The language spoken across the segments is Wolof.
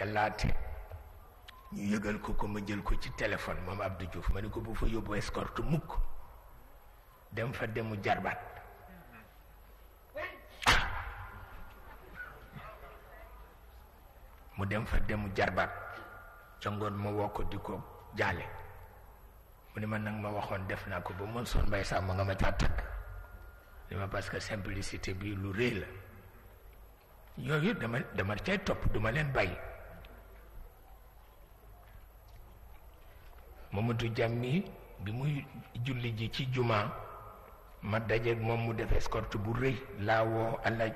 yàllaa te ñu yëgal ko ko ma jël ko ci téléphone mom Abdou Diouf ma ne ko bu fa yóbbu escorte mukk dem fa demu jarbat mu dem fa demu jarbat ci ngoon ma woo ko di ko mu ni man nak ma waxoon def na ko bu mon son bay sa ma nga ma tatak ni ma parce que simplicité bi lu rëy la dama dama cey top duma len baye Mamadou Diammi bi muy julli ji ci juma ma dajeeg moom mu def escorte bu rëy laa woo alaaj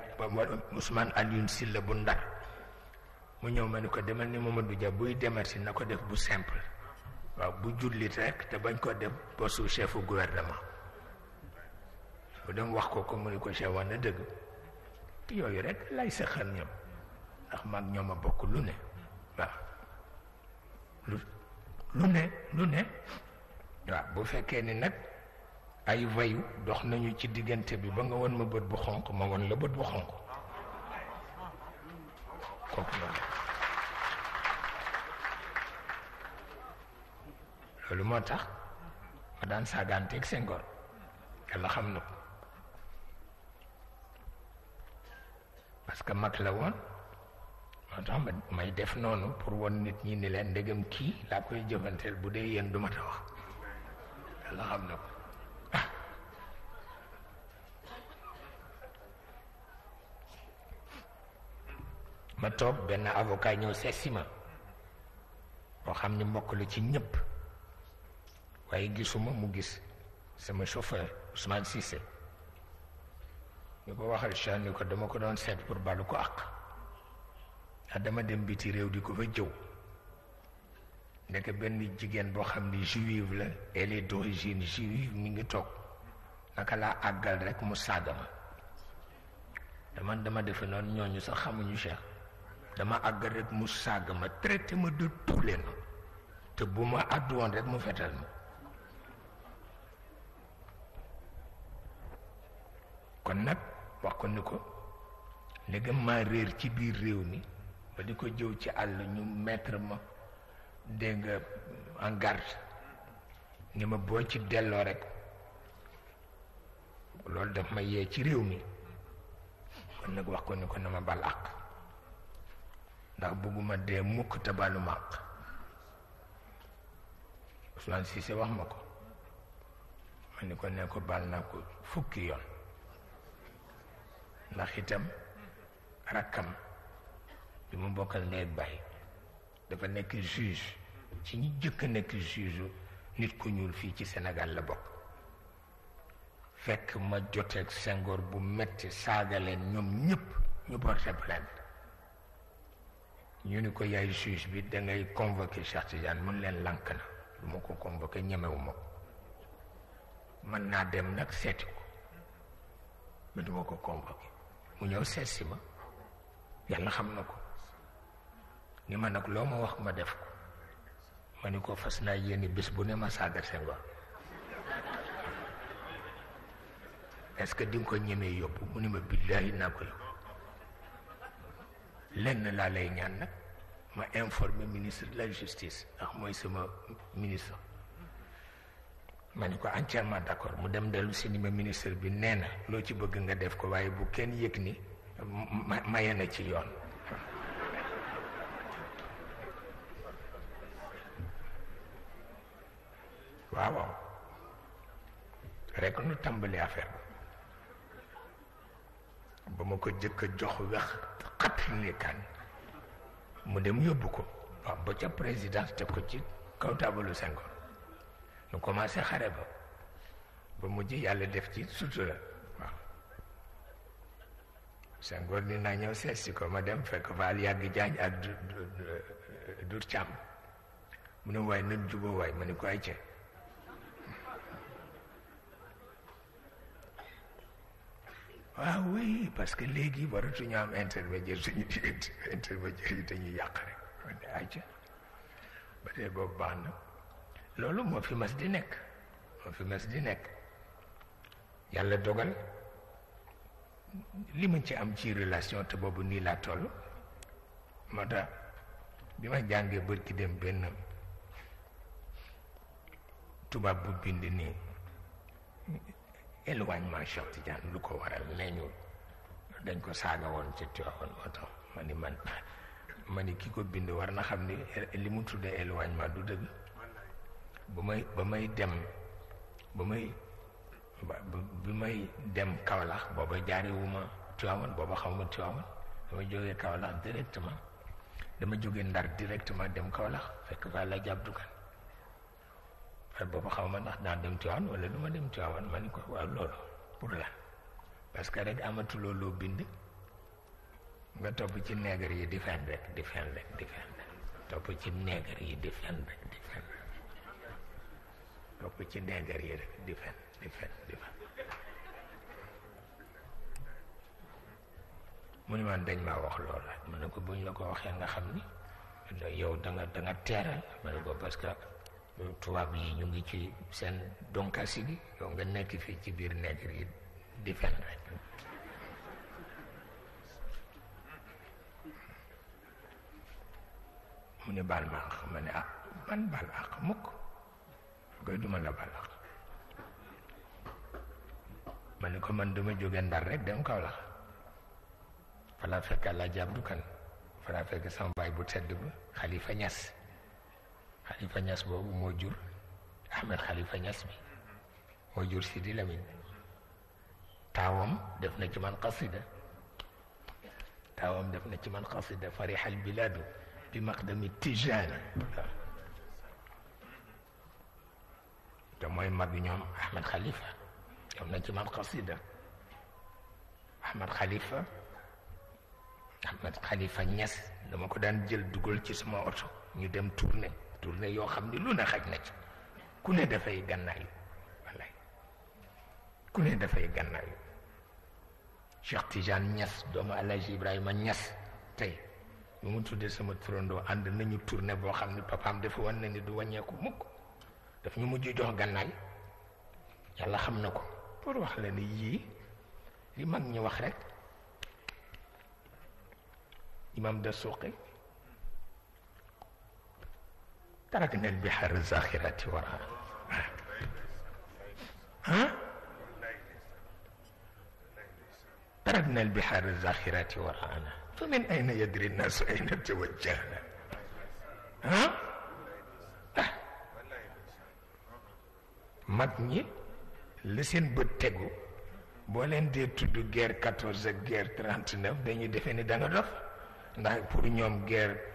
Ousmane Alioune Sylla bu ndar mu ñëw ma ni ko demal ni Mamadou Dia buy demati na ko def bu simple waaw bu jullit rek te bañ koo def postu chefu gouvernement bu dem wax ko ko mu ne ko chef wax na dëgg yooyu rek lay saxal ñoom ndax maag ñoom a bokk lu ne waaw lu ne lu ne waaw bu fekkee ni nag ay wayu dox nañu ci diggante bi ba nga won ma bët bu xonq ma won la bët bu xonq kooku loolu loolu moo tax ma daan saagaanteeg Senghor yàlla xam na ko parce que mag la woon tax ma may def noonu pour won nit ñi ni leen ndegam kii laa koy jëfanteel bu dee yéen du ma ta wax yàlla xam na ko ma toog benn avocat ñëw sessi ma boo xam ni mbokk la ci ñëpp waaye gisuma mu gis sama chauffeur Ousmane Cissé ñu ko waxal Cheikh ni ko dama ko doon seet pour balu ko àq dama dem biti réew di ko fa jëw nekk benn jigéen boo xam ni juive la elle est d'origine juive mi ngi toog naka laa àggal rek mu saaga ma dama dama defe noonu ñu sa xamuñu Cheikh dama àggal rek mu saaga ma traité ma de tous les te bu ma àddu woon rek mu fetal ma kon nag wax ko ni ko ndegam maa réer ci biir réew mi ba di ko jëw ci àll ñu mettre ma dégg nga en garde ni ma boo ci delloo rek loolu daf ma yee ci réew mi kon nag wax ko ni ko na ma bal àq ndax bëgguma dee mukk te balu ma àq Ousmane Cissé wax ma ko ma ni ko ne ko bal naa ko fukki yoon ndax itam rakkam li mu bokkal ndey bàyyi dafa nekk juge ci ñi jëkk nekk juge nit ku ñuul fii ci senegal la bokk fekk ma joteeg sengoor bu metti saaga leen ñoom ñëpp ñu porté plainte ñu ni ko yaay juge bi dangay ngay convoqué Cheikh mun leen lànk na lu ma ko convoqué ñemewu ko mën naa dem nag seeti ko mais du ko convoqué mu ñëw seet si ma yàlla xam na ko ni ma nag loo ma wax ma def ko ma ni ko fas naa yéene bés bu ne ma saaga Senghor est-ce que di ko ñemee yóbbu mu ni ma billaahi naa la yóbbu lenn laa lay ñaan nag ma informer ministre de la justice ndax mooy sama ministre ma ni ko entièrement d'accord mu dem dellu si ni ma ministre bi nee na loo ci bëgg nga def ko waaye bu kenn yëg ni maye na ci yoon waaw waaw rek nu tàmbali affaire ba ma ko jëkk a jox wex xat ni kan mu dem yóbbu ko waaw ba ca président teg ko ci kaw taabalu Senghor nu commencé xare ba ba mujj yàlla def ci sutura waaw Senghor ni naa ñëw sees si ko ma dem fekk faal yàgg jaañ ak dur càmm mu ne waaye nan juboo waay ma ni ko ay cee waaw ah oui parce que léegi waratuñu am intermédiaire suñu diggante intermédiaire yi dañuy yàq rek ba tey boobu baax na loolu moo fi mas di nekk moo fi mas di nekk yàlla dogal li ma ci am ci relation te boobu nii laa toll moo tax bi ma jàngee bër ki dem benn tubaab bu bind nii éloignement Cheikh Tidiane lu ko waral nee ñu dañ ko saaga woon ci Tiwaawan moo tax ma ni man ma ni ki ko bind war na xam ni li mu tuddee éloignement du dëgg ba may ba may dem ba may bi may dem Kaolack booba jaarewuma Tiwaawan booba xaw ma Tiwaawan dama jógee Kaolack directement dama jógee Ndar directement dem Kaolack fekk fa la jàpp dukan dem ci Tiwaawon wala duma dem ci ma man ko wa lolo pour la parce que rek amatu lolo bind nga top ci neger yi di fen rek di fen rek di fen top ci neger yi di fen rek di fen top ci neger yi rek di fen di fen di fen mu ni man dañ ma wax lolo man ko buñ la ko waxe nga xamni yow da nga da nga teeral man ko parce que tubaab yi ñu ngi ci seen donkaasi gi yow nga nekk fi ci biir nekk yi di fen rek mu ne baal ma àq ma ne ah ban bal ak mukk koy duma la bal ak ma ne ko man duma jóge ndar rek dem kaw la fala fekk kan, la jaab kan fala fekk sama bay bu tedd ba xalifa ñas xalifa ñas boobu moo jur Ahmed xalifa ñas bi moo jur Sidi Lamine taawam def na ci man qasida taawam def na ci man qasida farihal biladu bi maqdami tijaani te mooy mag ñoom Ahmed xalifa ci man qasida Ahmed xalifa dama ko daan jël dugal ci suma oto ñu dem tourné tournée yoo xam ne lu ne xaj na ci ku ne dafay gànnaayu wallaay ku ne dafay gànnaayu Cheikh Tidiane Niass doomu Alhaji Ibrahima ñas tey bu mu tuddee sama turandoo ànd nañu tournée boo xam ne papaam dafa wan na ni du wàññeeku mukk daf ñu mujj jox gànnaay yàlla xam na ko pour wax la ni yii li mag ñi wax rek imam da suuqi تركنا البحر الزاخرة وراء ها؟ تركنا البحار الزاخرة وراءنا فمن أين يدري الناس أين توجهنا ها؟ مدني لسن بتغو بولن دي تدو غير 14 غير 39 دي ني ديفيني دانا دوف نداي بور نيوم غير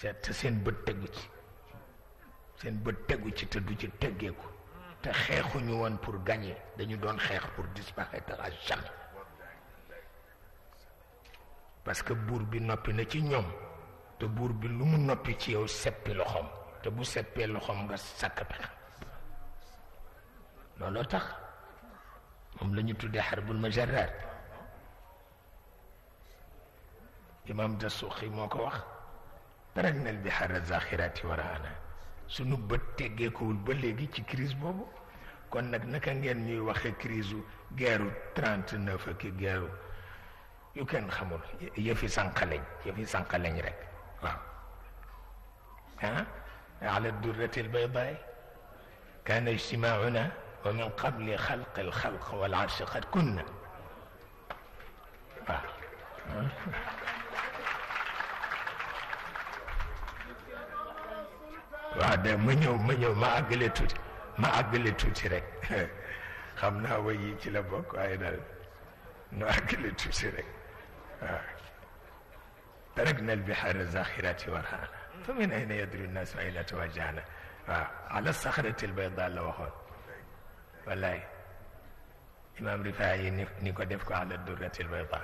te seen bët tegu ci seen bët tegu ci te du ci teggeeku te xeexuñu woon pour gagner dañu doon xeex pour disparaître à jamais parce que buur bi noppi na ci ñoom te buur bi lu mu noppi ci yow seppi loxoom te bu seppee loxoom nga sàkk pexe looloo tax moom la ñu tuddee xarbul majarraar imaam suuxi moo ko wax رجل البحر الزاخرات ورانا سنو بطي جيكول بلغي چي كريز بابو كون نك نكنجن مي وخي كريزو جيرو 39 كي جيرو يو كان خمول يفي سانقلين يفي سانقلين رك وا. ها على الدرة البيضاء كان اجتماعنا ومن قبل خلق الخلق والعرش قد كنا Thank you. wadde muñu muñu ma agale tuti ma agale tuti rek xamna way yi ci تركنا البحر الزاخرة ورهانا فمن أين يدري الناس وإلى توجهنا على الصخرة البيضاء لا أخر والله إمام رفاعي نيكو دفكو على الدرة البيضاء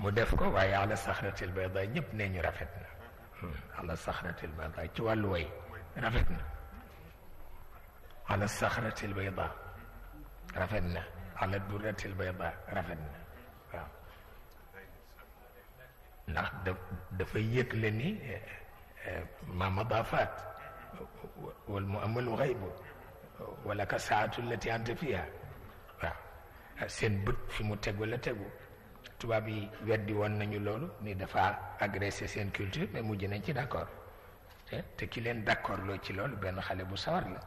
مدفكو وهي على الصخرة البيضاء نبني نرفتنا على الصخرة البيضاء توالوي رفتنا على الصخرة البيضاء رفتنا على الدرة البيضاء رفتنا آه. نخ نعم، دفيك لني آه، ما مضافات والمؤمل غيب ولك الساعة التي أنت فيها آه. سين بت في متقولة تقول tubaab yi weddi woon nañu loolu ni dafa agressé seen culture mais mujj nañ ci d'accord te eh? te ki leen d'accord loo ci loolu benn xale bu sawar la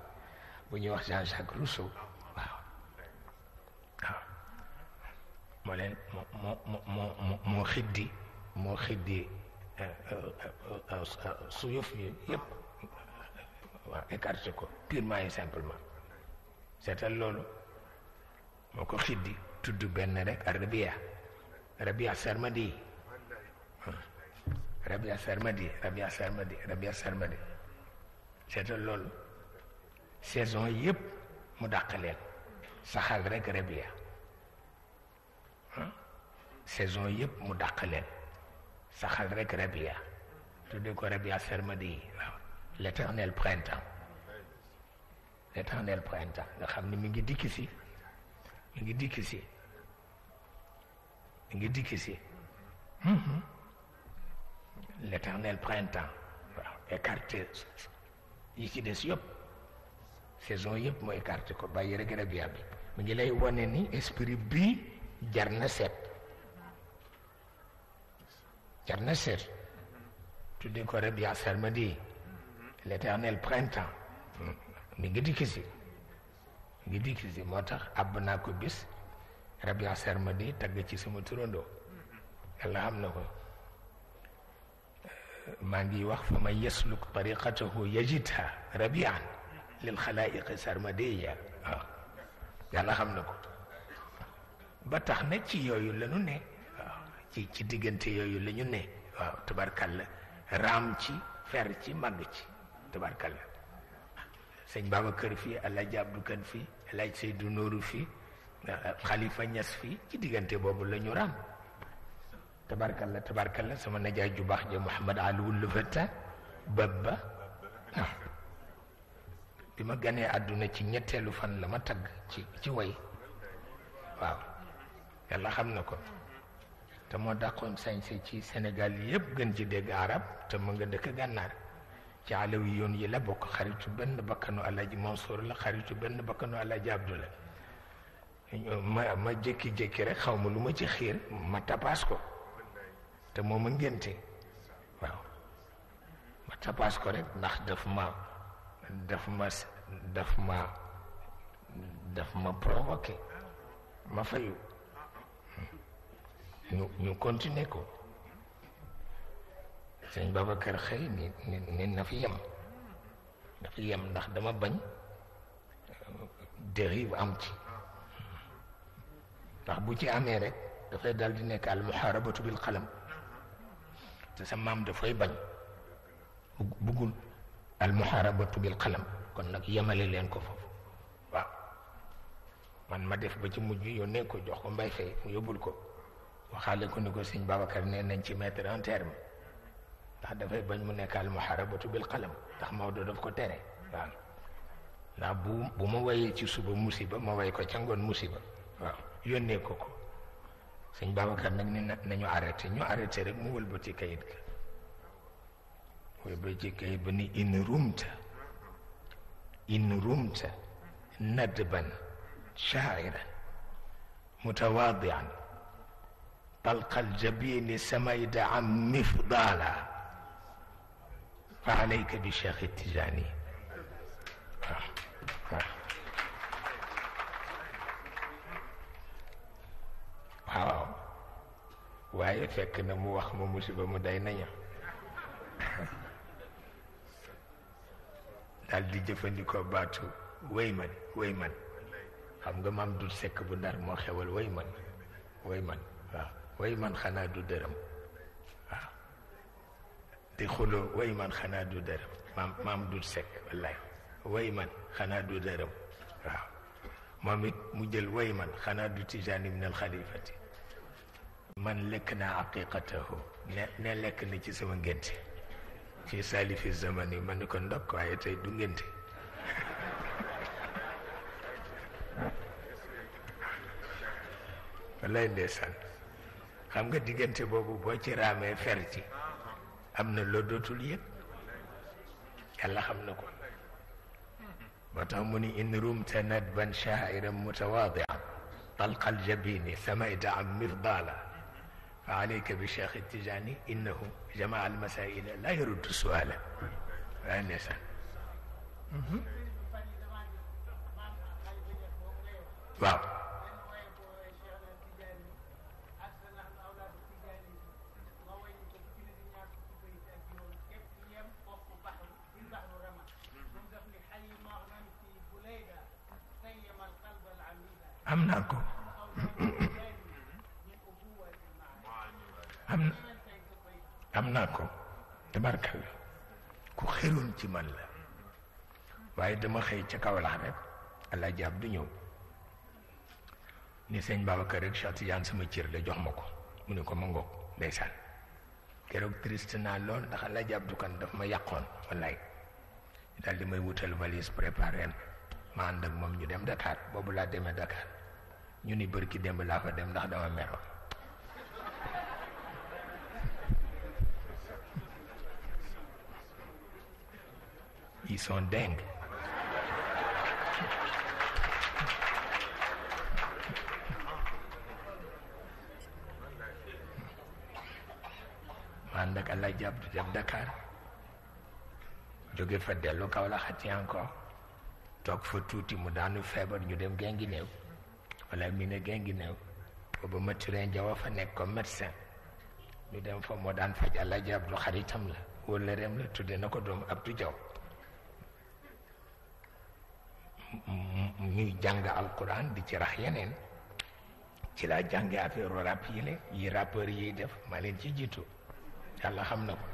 bu ñuy wax Jean-Jacques Rousseau waaw waaw moo leen moo moo moo moo xiddi moo xiddi eh, eh, su yëf yi yëpp waaw écarté ko purement et simplement seetal loolu moo ko xiddi tudd benn rek arabia ربيع سرمدي ربيع سرمدي ربيع سرمدي ربيع سرمدي سيتو لول سيزون ييب مو داخلين صحاب رك ربيع سيزون ييب مو داخلين صحاب رك ربيع تدي كو ربيع سرمدي لترنيل برينتان لترنيل برينتان خا مني ميغي ديكي سي ميغي ديكي سي ngi dikki si l'éternel printemps waaw écarté yi ci des yëpp saison yëpp mu écarté ko bàyyi rek garab yaa bi mu ngi lay wane ni esprit bii jar na seet jar na seet tuddee ko rek yaa sarmadi l'éternel printemps mi ngi dikki si ngi dikki si moo tax àbb naa ko bis Rabia Sarmadi tagg ci suma turandoo yàlla xam na ko maa ngi wax fa man yasluk tariqatahu yajidha rabian lil xalaayiqi sarmadiya waaw yàlla xam na ko ba tax na ci yooyu la ne waaw ci diggante yooyu lañu ñu ne waaw tabarkalla raam ci fer ci màgg ci tabarkalla sëñ kër fii El Hadj Abdou Kane fii El Hadj Seydou Nourou fii xalifa ñas fi ci diggante boobu la ñu raam tabarkalla la sama najaay ju baax ja Mouhamad Aliwul Fata Babba ah. bi ma ganee àdduna ci ñetteelu fan la ma tagg ci ci way waaw la xam na ko te moo daqoon sañse ci Sénégal yëpp gën ci dégg arab te mu nga dëkk gànnaar ci alaw yoon yi la bokk xaritu benn bakkanu Alaaji Mansour la xaritu benn bakkanu Alaaji Abdoulaye ma ma jékki-jékki rek xaw ma lu ma ci xiir ma tapaas ko te moo ma ngénte waaw ma tapaas ko rek ndax daf ma daf ma daf ma daf ma provoqué ma fayu ñu ñu continuer ko sëñ Babacar xëy ni ni na fi yem na fi yem ndax dama bañ euh, dérive am ci ndax bu ci amee rek dafay dal di nekk al muharabatu bil qalam te sa maam dafay bañ bugul al muharabatu bil qalam kon nag yemale leen ko foofu waaw man ma def ba ci mujj yónnee ko jox ko mbay fay mu yóbbul ko waxaale ko ni ko sëñ Babacar nee nañ ci mettre en terme ndax dafay bañ mu nekk al muharabatu bil qalam ndax Maodo daf ko tere waaw ndax bu bu ma wayee ci suba musiba ma way ko ca ngoon musiba waaw yónnee ko ko sëñ Babacar nag ne nañu arrêté ñu arrêté rek mu ci kayit ga ci kayit ba ni in rumta in rumta nadban shaa'iran mutawaadi'an طلق الجبين سميد عن مفضالا فعليك بشيخ التجاني آه. آه. waaw waaye fekk na mu wax ma musiba mu day naña daal di jëfandikoo baatu woy man woy man xam nga maam dut sekk bu ndar moo xewal wéy man woy man waaw wéy man xanaa du dërëm waaw di xuloo wéy man xanaa du dërëm maam maam dut sekk wallaay wéy man xanaa du dërëm waaw مامي مجل ويمن خنا دو تجاني من الخليفة من لكنا عقيقته نلك نجي سمن جنت في سالف الزمن من كن دكوا يتي دون جنت والله ندسان خم قد جنت بابو بوتي رامي فرتي أمن لودو تليه الله خم نقول وتهمني إن رمت ندبا شاعرا متواضعا طلق الجبين سمعت عن مفضالا فعليك بشيخ التجاني إنه جمع المسائل لا يرد السؤال آنسا واو am naa ko am am naa ko tabarkal ku xeroon ci man la waaye dama xëy ca Kaolack rek allah du ñëw ni sëñ Babacar rek Cheikh Tidiane sama cër la jox ma ko mu ne ko ma ngoog ndeysaan keroog triste naa lool ndax allah jaab du kan daf ma yàqoon wallaay daal di may wutal valise préparé ma ànd ak moom ñu dem Dakar boobu laa demee Dakar ñu ni barki demb laa fa dem ndax dama mero ils man allah jab du dakar joge fa delu hati angko, xati encore tok fa tuti mu daanu febar ñu dem gengi walla mi ne Guinguinéo booba maturin jawa fa nekk ko médecin ñu dem fa moo daan faj Alaaji Abdu xaritam la walla rem la tudde na ko doom Abdu Jaw ñuy jàng alquran di ci rax yeneen ci laa jànge affaire rap yi le yi yiy def maa leen ci jiitu yàlla xam na ko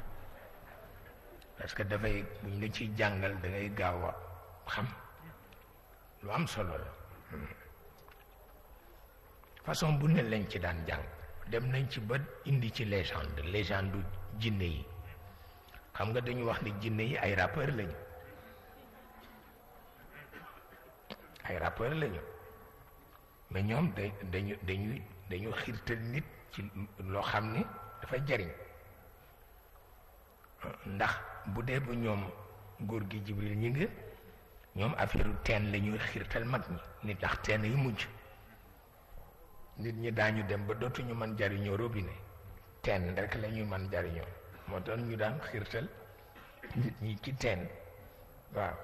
parce que dafay buñ la ciy jàngal dangay ngay gaaw a xam lu am solo la hmm. façon bu ne lañ ci daan jang dem nañ ci ba indi ci légende légende jinne yi xam nga dañu wax ni jinne yi ay rappeur lañ ay rappeur lañ mais ñoom dañu dañu xirtal nit ci loo xam dafa jariñ ndax bu dee bu ñoom góor gi jibril ñi nga ñoom affaire teen la ñuy xirtal mag ñi nit tax teen yu mujj nit ñi daañu dem ba dootuñu mën jariñoo robine teen rek la ñuy mën jariñoo moo tax ñu daan xiirtal nit ñi ci teen waaw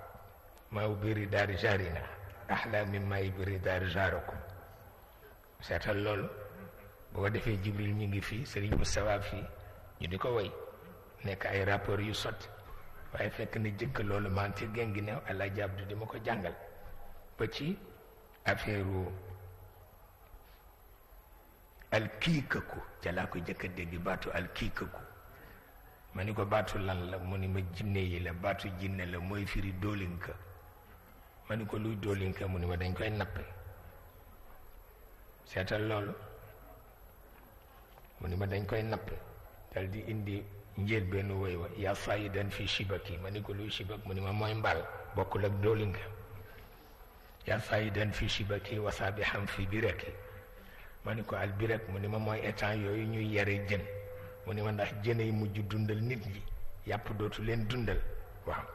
maa ubiri daari jarina ahla min maa ubiri daari ko seetal loolu boo ko defee jibril ñu ngi fii sëriñ Moustapha fii ñu di ko woy nekk ay rapport yu sotti waaye fekk na jëkk loolu maa ngi ci génn gi new àla jabdu di ma ko jàngal ba ci affaire alkiikaku ca laa ko jëkk a dégg baatu alkiikaku ma ni ko baatu lan la mu ni ma jinne yi la baatu jinne la mooy firi doolinka ma ni ko luy doolinka mu ni ma dañ koy nappe seetal loolu mu ni ma dañ koy nappe dal di indi njël benn woy wa yaa faayidan fi shibaki ma ni ko luy shibak mu ni ma mooy mbaal bokkul ak doolinka yaa faayidan fi shibaki wasaabi xam fi biraki ma ni ko albirak mu ni ma mooy état yooyu ñuy yare jën mu ni ma ndax jën yi mujj dundal nit ñi yàpp dootu leen dundal waaw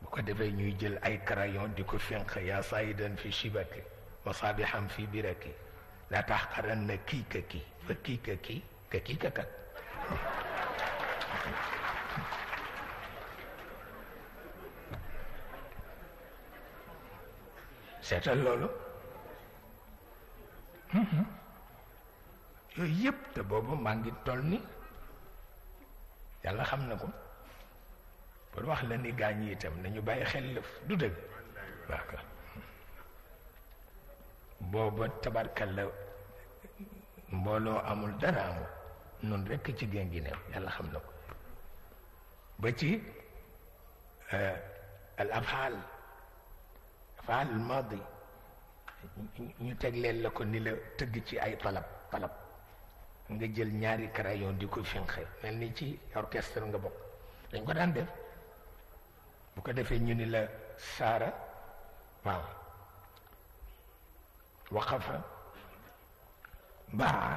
bu ko defee ñuy jël ay crayon di ko finq yaa saayidan fi shibaki masaabiham fi biraki la taxqaran na kii ka fa kii ka kii ka সেটা হলো yooyu yëpp te boobu maa ngi toll ni yàlla xam na ko pour wax la ni gaañ yi itam nañu bàyyi xel lëf du dëgg waaw booba tabarkal la mbooloo amul dara amul nun rekk ci gén gi neew yàlla xam na ko ba ci al abxaal faal madi ñu tegleel la ko ni la tëgg ci ay talab talab nga jël ñaari crayon di ko finxe mel ni ci orchestre nga bokk dañ ko daan def bu ko defee ñu ni la saara waaw waqafa baa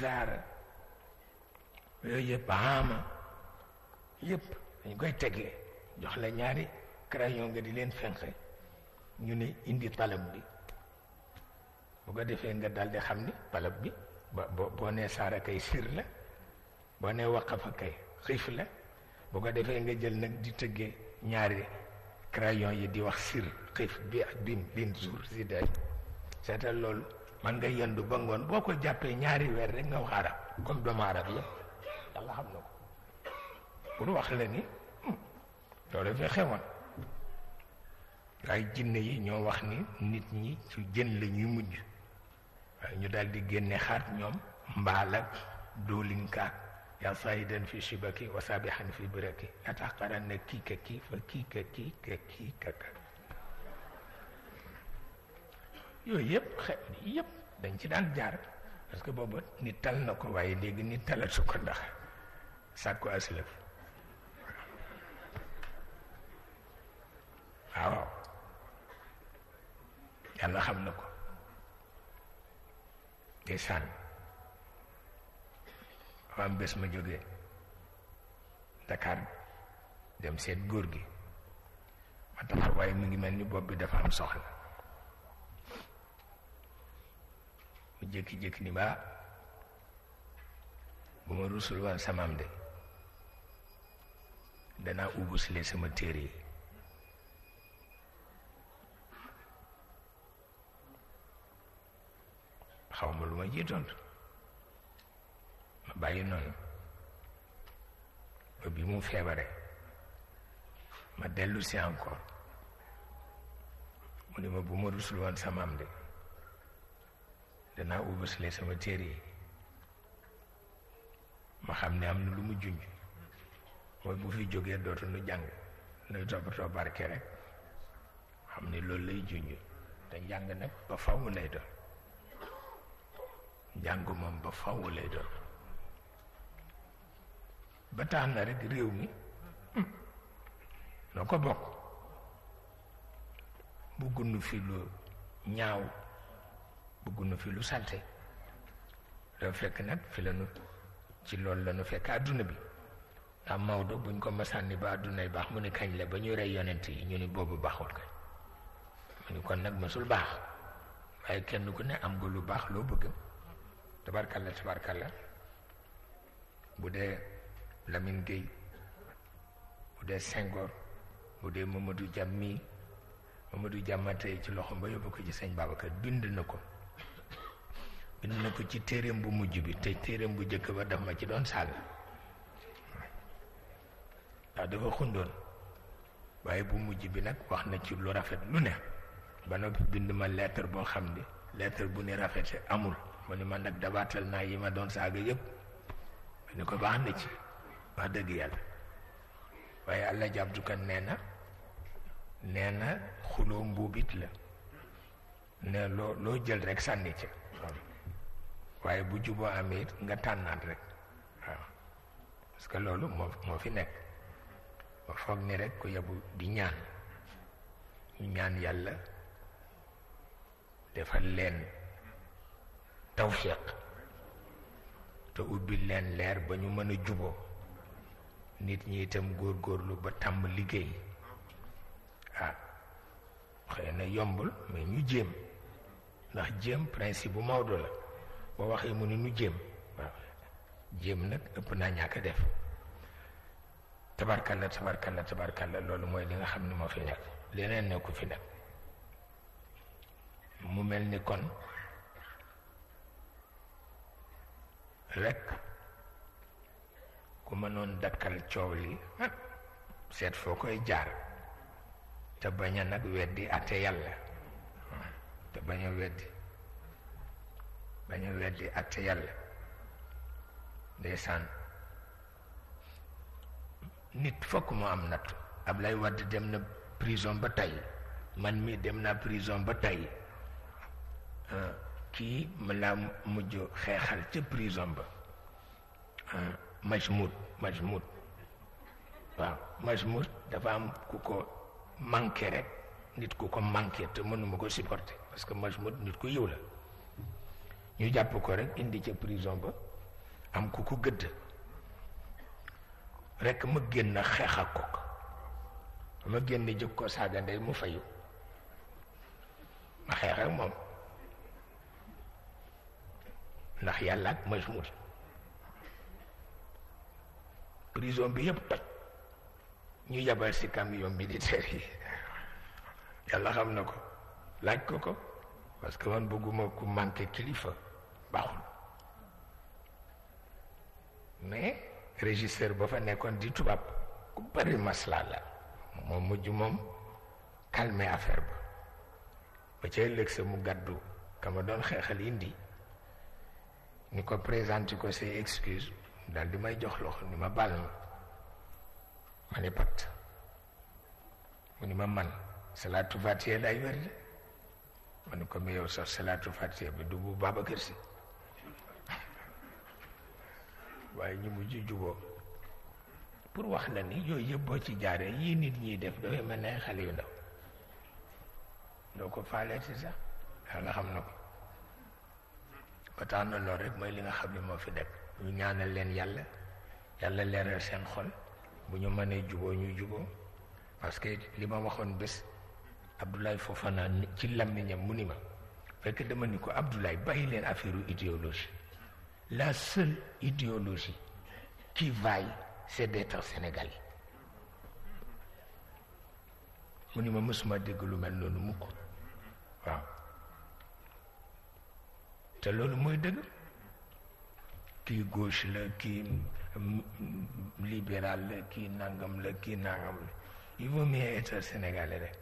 zaara yooyu yëpp aama yëpp dañ koy tegle jox la ñaari crayon nga di leen finxe ñu ne indi palab bi bu ko defee nga daal di xam ne palab bi ba boo nee saara kay sir la boo nee waqafa kay xiif la bu ko defee nga jël nag di tëggee ñaari crayon yi di wax sir xiif bi ak biin bin jour si day seetal loolu man nga yendu ba ngoon boo ko jàppee ñaari weer rek nga wax arab comme doomu arab la yàlla xam na ko pour wax la ni hmm, loolu fi xewoon waaye jinne yi ñoo wax ni nit ñi ci jën la ñuy mujj waaye ñu daldi di génne xaat ñoom mbaalak doolinkaat yaa saayidan fi shibaki wa saabihan fi biraki yataqaran na kii ka kii fa kii ka kii ka kii ka yooyu yëpp xe yëpp dañ ci daan jaar parce que booba nit tal na ko waaye léegi nit talatu ko ndax sàkku aslëf waaw yalla xam na ko ndeysaan am bés ma jóge Dakar dem seet góor gi ma taxaw waaye mu ngi mel ni bopp bi dafa am soxla mu jékki-jékki ni baa bu ma rusul woon samaam de danaa ubusle sama téere xaw ma lu ma ciy tontu ma bàyyi noonu ba bi mu feebaree ma dellu si encore mu ne ma bu ma rusul sama am de danaa ubbasle sama téere yi ma xam ne am na lu mu junj mooy bu fi jógee dootu nu jàng nuy toppatoo barke rek xam ne loolu lay junj te njàng nag ba faw lay doon njàng moom ba fàww lay doon ba tax na rek réew mi hmm, noo ko bokk bëgguñu fi lu ñaaw bëgguñu fi lu salte dafa fekk nag fi la ci loolu la nu fekk àdduna bi ndax Maodo buñ ko masanni ba àddunay baax mu ni kañ la ba ñu rey yonent yi ñu ni boobu baaxul kañ mu ni kon nag masul baax waaye kenn ku ne am nga lu baax loo bëgg tabarkalla tabarkalla bu dee Lamine Gueye bu dee Senghor bu dee Mamadou Diam mii Mamadou Diam ma tey ci loxo ba yóbbu ko ci sëñ Babacar bind na ko bind na ko ci téereem bu mujj bi te téereem bu jëkk ba daf ma ci doon saaga ndax dafa xundoon waaye bu mujj bi nag wax na ci lu rafet lu ne ba noppi bind ma lettre boo xam ne lettre bu ne rafete amul mu ni man nag dabaatal naa yi ma doon saaga yëpp ni ko baax na ci dëgg yàlla waaye allah jabdu kan nee na nee na xuloo mbuubit la ne loo loo jël rek sànni ca waaye bu juboo amee nga tànnaat rek waaw parce que loolu moo moo fi nekk ma foog ni rek ku yebu di ñaan ñaan yàlla defal leen tawfiq te ubbi leen leer ba ñu mën a juboo nit ñi itam góorlu ba tàmm liggéey ah xëy na yombul mais ñu jéem ndax jéem principe bu Maodo la boo waxee mu ne ñu jéem waaw jéem nag ëpp naa ñàkk a def tabarkalla tabarkalla tabarkalla loolu mooy li nga xam ni moo fi nekk leneen ku fi nag mu mel ni kon rekk ku mënoon dakkal coow li seet foo koy jaar te bañ a nag weddi ate yàlla te bañ a weddi bañ a weddi ate yàlla ndeysaan nit fokk mu am nattu Ablaye Wade dem na prison ba tey man mii dem naa prison ba tey kii ma laa mujj xeexal ca prison ba ah, Majmoud Majmoud waaw Majmoud dafa am ku ko manqué rek nit ku ko manqué te mënuma ko supporter parce que Majmoud nit ku yiw la ñu jàpp ko rek indi ca prison ba am ku ko gëdd rek ma génn xeex ak ko ma génn jëkk ko saaga ndey mu fayu ma xeex moom ndax yàlla ak majmuur prison bi yëpp toj ñu yabal si camion militaire yi yàlla xam na ko laaj ko ko parce que man bëgguma ku manqué kilifa baaxul mais régisseur ba fa nekkoon di tubaab ku bari maslaa la moom mujj moom calmer affaire ba ba ca ëllëg sa mu gàddu ka ma doon xeexal indi ni ko présenté ko say excuse daal di may jox loo ni ma baal ma ma ne pat mu ni ma man salaatu fatiha laay wér de ma ne ko mais yow sax salaatu fatiha bi du bu Babacar Si waaye ñu mujj juboo pour wax la ni yooyu yëpp boo ci jaaree yii nit ñiy def dooy mel ne xale yu ndaw doo ko faaleeti sax yàlla xam na ko ba tax na loolu rek mooy li nga xam ne moo fi nekk ñu ñaanal leen yàlla yàlla leeral seen xol bu ñu mënee juboo ñuy juboo parce que li ma waxoon bés Abdoulaye Fofana ci làmmiñam mu ni ma fekk dama ni ko Abdoulaye bàyyi leen affaire idéologie la seule idéologie qui vaille c'est d'être sénégalais mu ni ma mësuma dégg lu mel noonu mukk waaw te loolu mooy dëgg kii gauche la kii libéral la kii nangam la kii nangam la il vaut mieux être sénégalais rek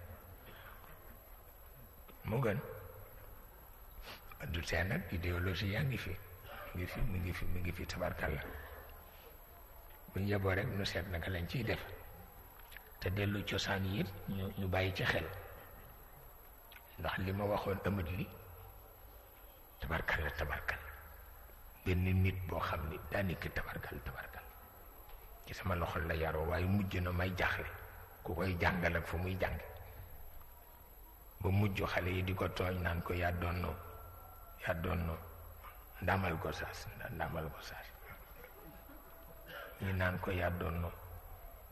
mu gën du tee nag idéologie yaa ngi fi mu ngi fi mu ngi fi mu ngi fi tabarkalla bu ñu rek nu seet naka lañ ciy def te dellu cosaan yi ñu ñu bàyyi ci xel ndax li ma waxoon ëmët yi tabarkal la tabarkal benn nit boo xam ni daanaka tabarkal tabarkal ci sama loxo la yaroo waaye mujj na may jaaxle ku koy jàngal ak fu muy jàng ba mujj xale yi di ko tooñ naan ko yaa doon noo yaa doon noo ndaamal Gosaas ndaamal naan ko yaa doon noo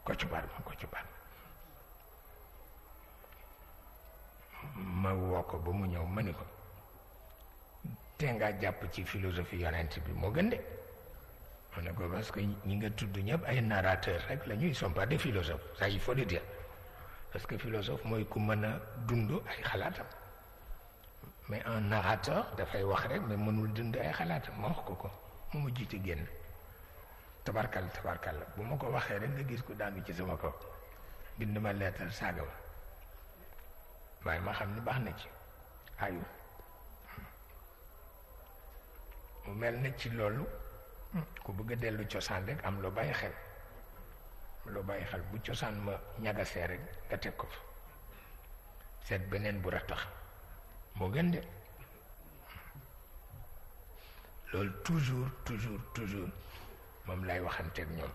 Kocc Barma Kocc ma woo ko ba mu ñëw ma ni ko te nga jàpp ci philosophie yonent bi moo gën de mu ne ko parce que ñi nga tudd ñëpp ay narrateur rek la ñuy sont pas des philosophes ça il faut le dire parce que philosophe mooy ku mën a dund ay xalaatam mais un narrateur dafay wax rek mais mënul dund ay xalaatam ma wax ko ko mu mu jiite génn tabarkal tabarkal bu ma ko waxee rek nga gis ko daanu ci sama kaw bind ma leetar saaga ma waaye ma xam ne baax na ci ay mu mel na ci loolu ku bëgg a dellu cosaan rek am loo bàyyi xel loo bàyyi xel bu cosaan ma ñagasee rek nga teg ko fa seet beneen bu rattax moo gën de loolu toujours toujours toujours moom lay waxanteeg ñoom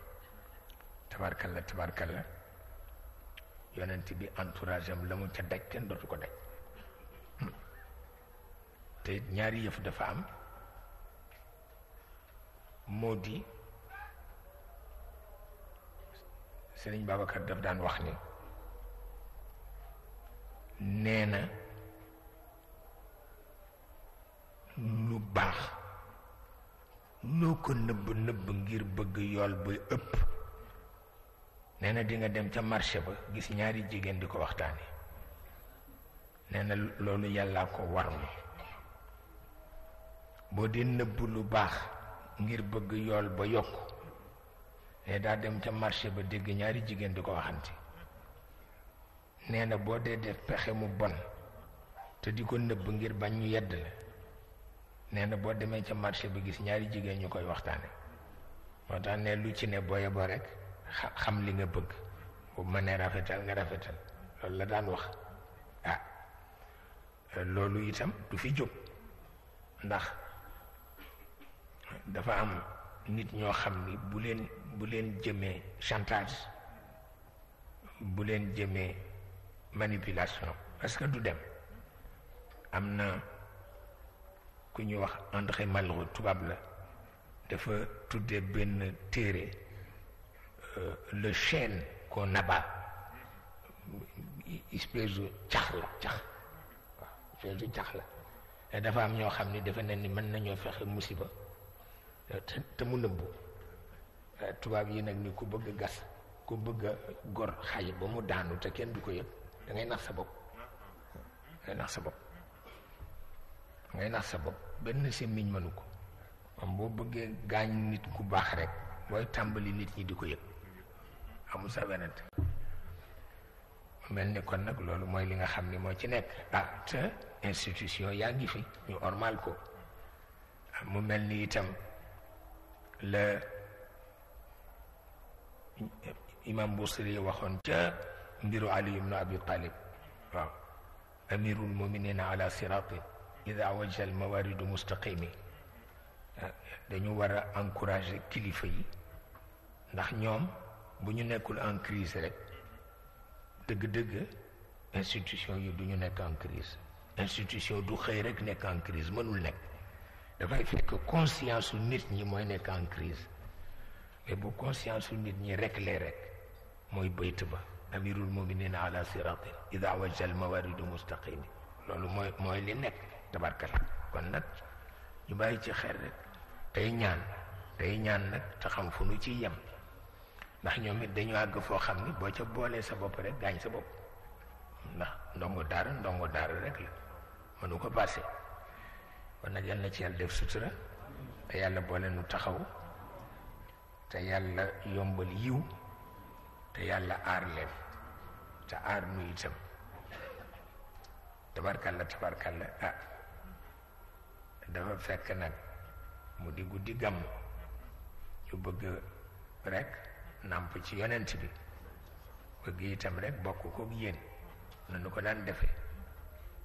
tabarkal la tabarkalla tabarkalla yonent bi entouragem la mu ca daj kenn dootu ko daj hmm. te ñaari yëf dafa am moo di Sëriñ Babacar daf daan wax ni nee na lu baax noo ko nëbb nëbb ngir bëgg yool ba ëpp nee na di dem ca marché ba gis ñaari jigéen di ko waxtaane nee na loolu yàllaa ko war mi boo dee nëbb lu baax ngir bëgg yool ba yokk ne eh, daa dem ca marché ba dégg ñaari jigéen di ko waxante nee na boo dee def pexe mu bon te di ko nëbb ngir bañ ñu yedd la nee na boo demee ca marché ba gis ñaari jigéen ñu koy waxtaane moo tax ne lu ci ne booye ba rek xam li nga bëgg bu mënee rafetal nga rafetal loolu la daan wax ah loolu itam du fi jóg ndax dafa am nit ñoo xam ni bu leen bu leen jëmee chantage bu leen jëmee manipulation parce que du dem am na ku ñu wax André Malraux tubaab la dafa tudde benn téere euh, le chêne qu'on abat espèce de cax la cax waaw espèce de cax la dafa am ñoo xam ni dafa ne ni mën nañoo fexe musiba te te mu nëbbu eh, tubaab yi nag ni ku bëgg a gas ku bëgg a gor xay ba mu daanu te kenn du ko yëg da nax sa bopp da ngay nax sa bopp da ngay nax sa bopp benn semmiñ mënu ko moom boo bëggee gaañ nit ku baax rek booy tàmbali nit ñi di ko yëg amul sa wenante mel ni kon nag loolu mooy li nga xam ni moo ci nekk ah te institution yaa ngi fi ñu ormal ko ah, mu mel ni itam لا إمام بصري وخن جاء مدير علي بن أبي طالب أمير المؤمنين على صراط إذا عوج الموارد مستقيم دنيو ورا أنكوراج كليفي يوم بنيو نكول أن كريز رك دق دق institution yi duñu nek en crise institution du xey rek nek en crise dafay fekk conscience su nit ñi mooy nekk en crise mais bu conscience su nit ñi rek lee rek mooy bayt ba amirul muminin ala siratin ida wajjal mawaridu mustaqimi loolu mooy mooy li nekk tabarkal kon nag ñu bàyyi ci xel rek tey ñaan tey ñaan nag te xam fu nu ci yem ndax ñoom it dañu àgg foo xam ni boo ca boolee sa bopp rek gaañ sa bopp ndax ndongo daara ndongo daara rek la mënu ko passé kon nag yàlla na ci yàlla def sutura te yàlla boole nu taxaw te yàlla yombal yiw te yàlla aar leen te aar nu itam tabarkalla tabarkalla ah dafa fekk nag mu di guddi gàmm ñu bëgg rekk nàmp ci yonent bi bëgg itam rek bokk koog yéen nanu ko daan defee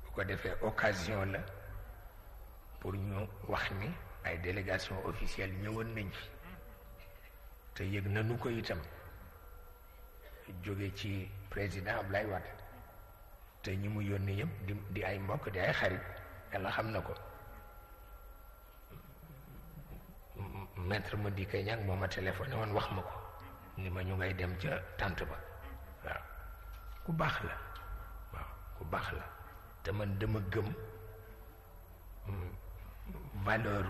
bu ko defee occasion la pour ñu wax ni ay délégation officielle ñëwoon nañ fi te yëg na nu ko itam jóge ci président Ablaye wat te ñi mu yónni yëpp di di ay mbokk di ay xarit yàlla xam na ko maître ma di kay ñang moo ma téléphoné woon wax ma ko ni ma ñu ngay dem ca tànt ba waaw ku baax la waaw ku baax la te man dama gëm valeur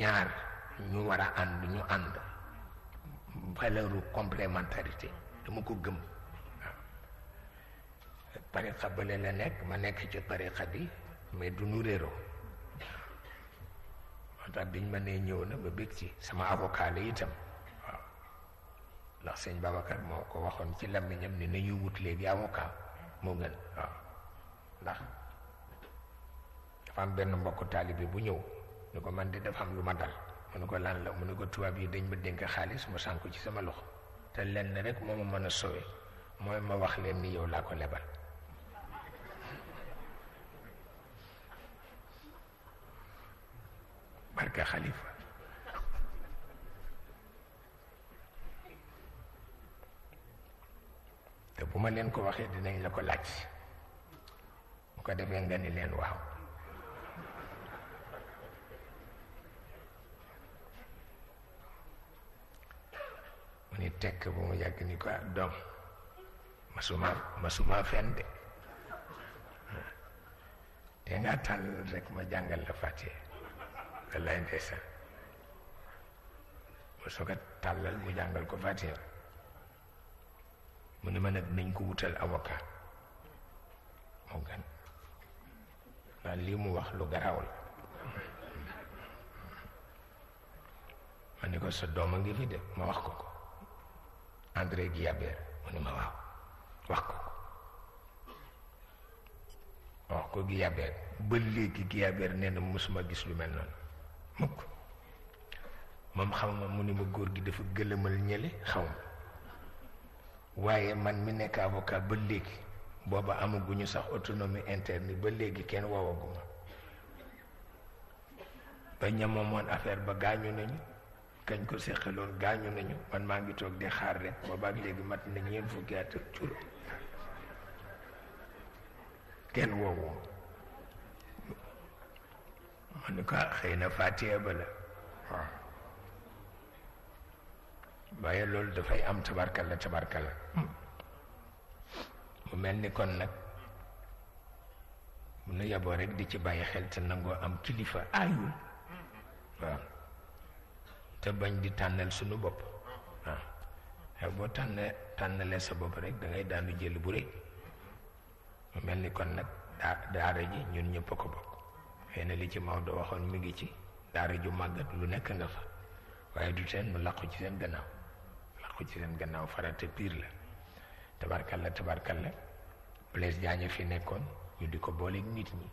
ñaar ñu war a ànd ñu ànd valeur complémentarité dama ko gëm waaw tariqa bële la nekk ma nekk ci tariqa bi mais du nu réeroo moo tax biñ ma nee ñëw na ba bég ci sama avocat itam waaw ndax sëñ Babacar moo ko waxoon ci làmmiñam ni nañuy wut léegi avocat moo gën waaw ndax dafa benn mbokk taalibe bu ñëw ni ko man di dafa am lu ma dal mu ne ko lan la mu ne ko tubaab yi dañ ma dénk xaalis mu sànku ci sama loxo te lenn rek moo ma mën a sowe mooy ma wax leen ni yow laa ko lebal barka xalifa te bu leen ko waxee dinañ la ko laaj mu ko defee nga ni leen waaw woni tekka yag ni ko dom masuma masuma fende de nga tàllal rek ma jangal la fàtte wallaay ndeysaan ma soog a talal mu jangal ko fatte mu ne ma nag nañ ko wutal avocat mo gan ndax lii mu wax lu grawul ko sa dom nga fi de ma wax ko ko André Guillabert mu ni ma waaw wax ko ko wax ko Guillabert ba léegi Guillabert nee na mosuma gis lu mel noonu mukk moom xaw ma mu ni ma góor gi dafa gëlëmal ñële xaw ma waaye man mi nekk avocat ba léegi booba amaguñu sax autonomie interne ba léegi kenn woowaguma ba ñamoon affaire ba gaañu nañu kañ ko séqaloon gaañu nañu man maa ngi toog di xaar rek boobaak léegi mat na ñeent fukki at ak juróom kenn woowu ma ni ah, xëy na fàttee ba waaye loolu dafay am tabarkalla tabarkalla hmm. mu mel ni kon nag mun na yaboo rek di ci bàyyi xel te nangoo am kilifa aayul hmm. waaw te bañ di tànnal suñu bopp waaw ah. boo tànnee tànnalee sa bopp rek da ngay daanu jël bu rëy mu mel ni kon nag daara ji ñun ñëpp ko bokk xëy na li ci Maodo waxoon mi ngi ci daara ju màggat lu nekk nga fa waaye du teen mu làqu ci seen gannaaw làqu ci seen gannaaw farate piir la tabarkalla tabarkalla Blaise Diagne fi nekkoon ñu di ko booleeg nit ñi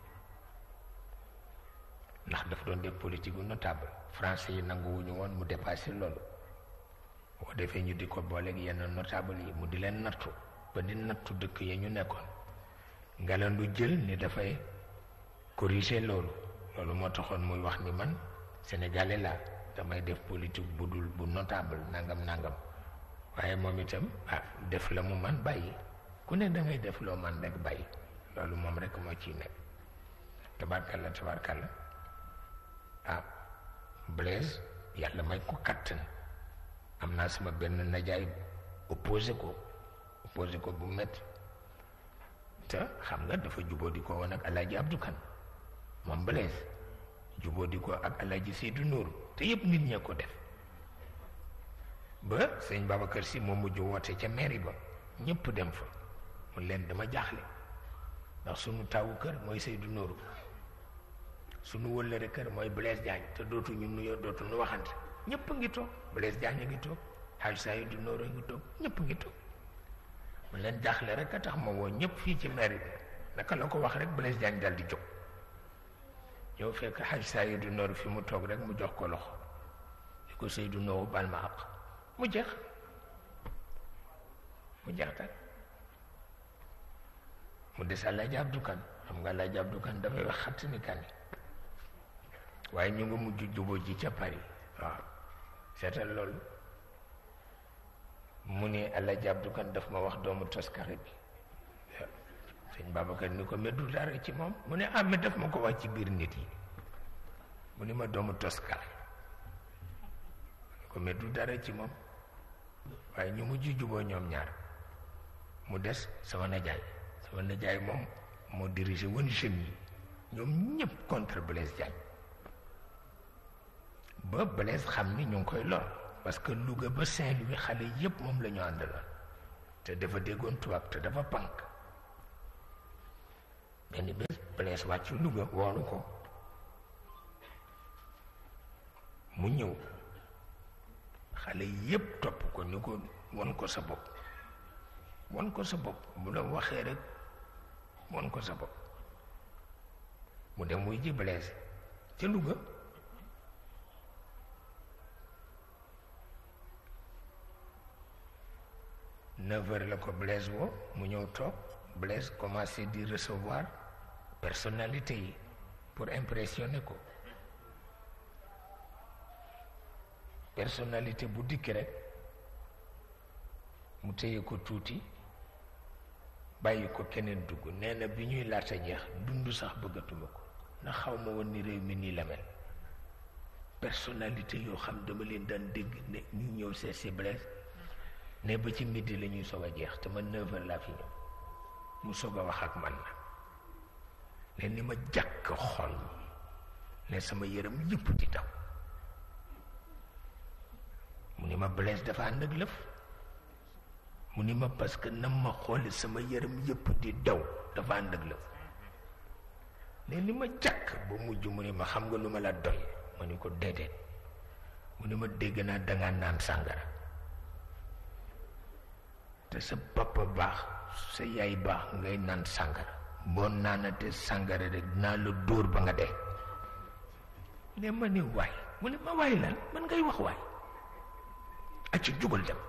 ndax daf doon def politique gu notable français yi nanguwuñu woon mu dépassé loolu boo defee ñu di ko booleeg yenn notable yi mu di leen nattu ba di nattu dëkk ya ñu nekkoon ngalandu jël ni dafay corriger loolu loolu moo taxoon muy wax ni man sénégalais la damay def politique bu dul bu notable nangam nangam waaye moom itam ah def la mu man bàyyi ku ne da def loo man rek bàyyi loolu moom rekk moo ciy nekk tabarkalla tabarkalla ah Blaise yàlla may ko kàttan am naa sama benn najaay opposé ko opposé ko bu metti te xam nga dafa juboo di ko woon ak alaaji Abdou Kan moom Blaise jubóo di ko ak alaaji Seydou Nour te yëpp nit ñee ko def ba sëñ kër Si moom mujj woote ca meri ba ñépp dem fa mu leen dama jaaxle ndax sunu taawu kër mooy Seydou Nour suñu wëllëre kër mooy Blaise Diagne te dootuñu dootu dootuñu waxante ñëpp ngi toog Blaise Diagne ngi toog Hadj Seydou Nourou ngi toog ñëpp ngi toog mu leen jaaxle rek a tax ma woo ñëpp fii ci mairie naka la ko wax rek Blaise Diagne dal di jóg ñëw fekk Hadj Seydou Nourou fi mu toog rek mu jox ko loxo li ko Seydou Nourou bal ma àq mu jeex mu jeex tak mu des Alaaji Abdou Kan xam nga Alaaji Abdou Kan dafay wax xattini kan waaye ñu ngi mujj jubóo ji ca Paris waaw seetal loolu mu ni allah jàbdu kan daf ma wax doomu toskare bi sëñ Babacar ni ko meddu dara ci moom mu ne am ah, daf ma ko wax ci biir nit yi mu ne ma doomu toskare ko meddu dara ci moom waaye ñu mujj jubóo ñoom ñaar mu des sama najaay sama najaay moom moo dirigé woon jeunes yi ñoom ñëpp contre Blaise Diagne ba Blaise xam ni ñu ngi koy lon parce que Louga ba Saint-Louis xale yépp moom la ñu àndaloon te dafa déggoon tubaab te dafa pànk benn bés Blaise wàccu Louga woolu ko mu ñëw xale yépp topp ko ni ko won ko sa bopp won ko sa bopp bu la waxee rek won ko sa bopp mu dem muy ji Blaise ca Louga neuf heures le ko Blaise woo mu ñëw toog Blaise commencé recevoir personnalité pour impressionner ko personnalité bu dik rek mu téye ko tuuti bàyyi ko keneen dugg nee na bi ñuy laata jeex sax bëggatuma ko ndax xaw ni réew mi ni la mel personnalité yo xam dama leen daan dégg ne ñu ne ba ci midi la ñuy soog a jeex te man neuf heures laa fi mu soog a wax ak man ne ni ma jàkk xol ne sama yaram yëpp di daw mu ni ma Blaise dafa ànd lëf mu ni ma parce que nam ma xoole sama yaram yëpp di daw dafa ànd lëf ne ni ma jàkk ba mujj mu ni ma xam nga lu ma laa doy ma ni ko déedéet mu ni ma dégg naa dangaa naan sàngara sa papa baax sa yaay baax ngay naan sàngara boo naanate sàngara rek naa la dóor ba nga dee ne ma ni waay mu ne ma waay lan man ngay wax waay acci jógal dem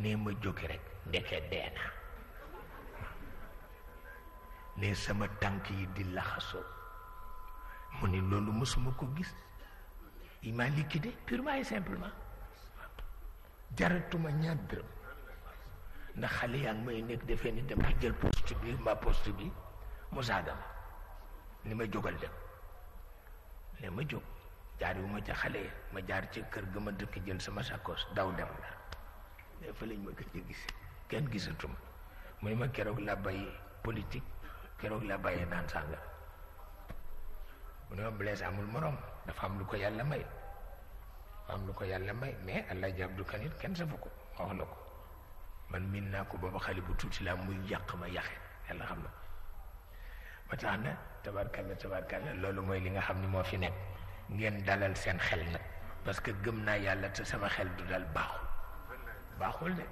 ne ma jóge rek ndeke dee naa ne sama tànk yi di laxasoo mu ne loolu mësuma ko gis il m'a liquidé purement et simplement jaratuma ñaar dërëm ndax xale yaa ngi may nekk defee ni damay jël poste bi ma poste bi mu saagama ni ma jógal dem ne ma jóg jaar yu ma ca xale ma jaar ci kër ga ma dëkk jël sama sakkoos daw dem la ne fa lañ ma gëj a gis kenn gisatuma mooy ma keroog laa bàyyi politique keroog laa bàyyi naan sàngara mu ne amul morom dafa am lu ko yàlla may dafa am lu ko yàlla may mais alaaji Abdou Karim kenn safu ko ma wax la ko man miin naa ko booba xale bu tuuti laa muy yàq ma yàqe yàlla xam na ba tax loolu mooy li nga xam ni moo fi nekk ngeen dalal seen xel nag parce que gëm naa yàlla te sama xel du dal baaxul baaxul de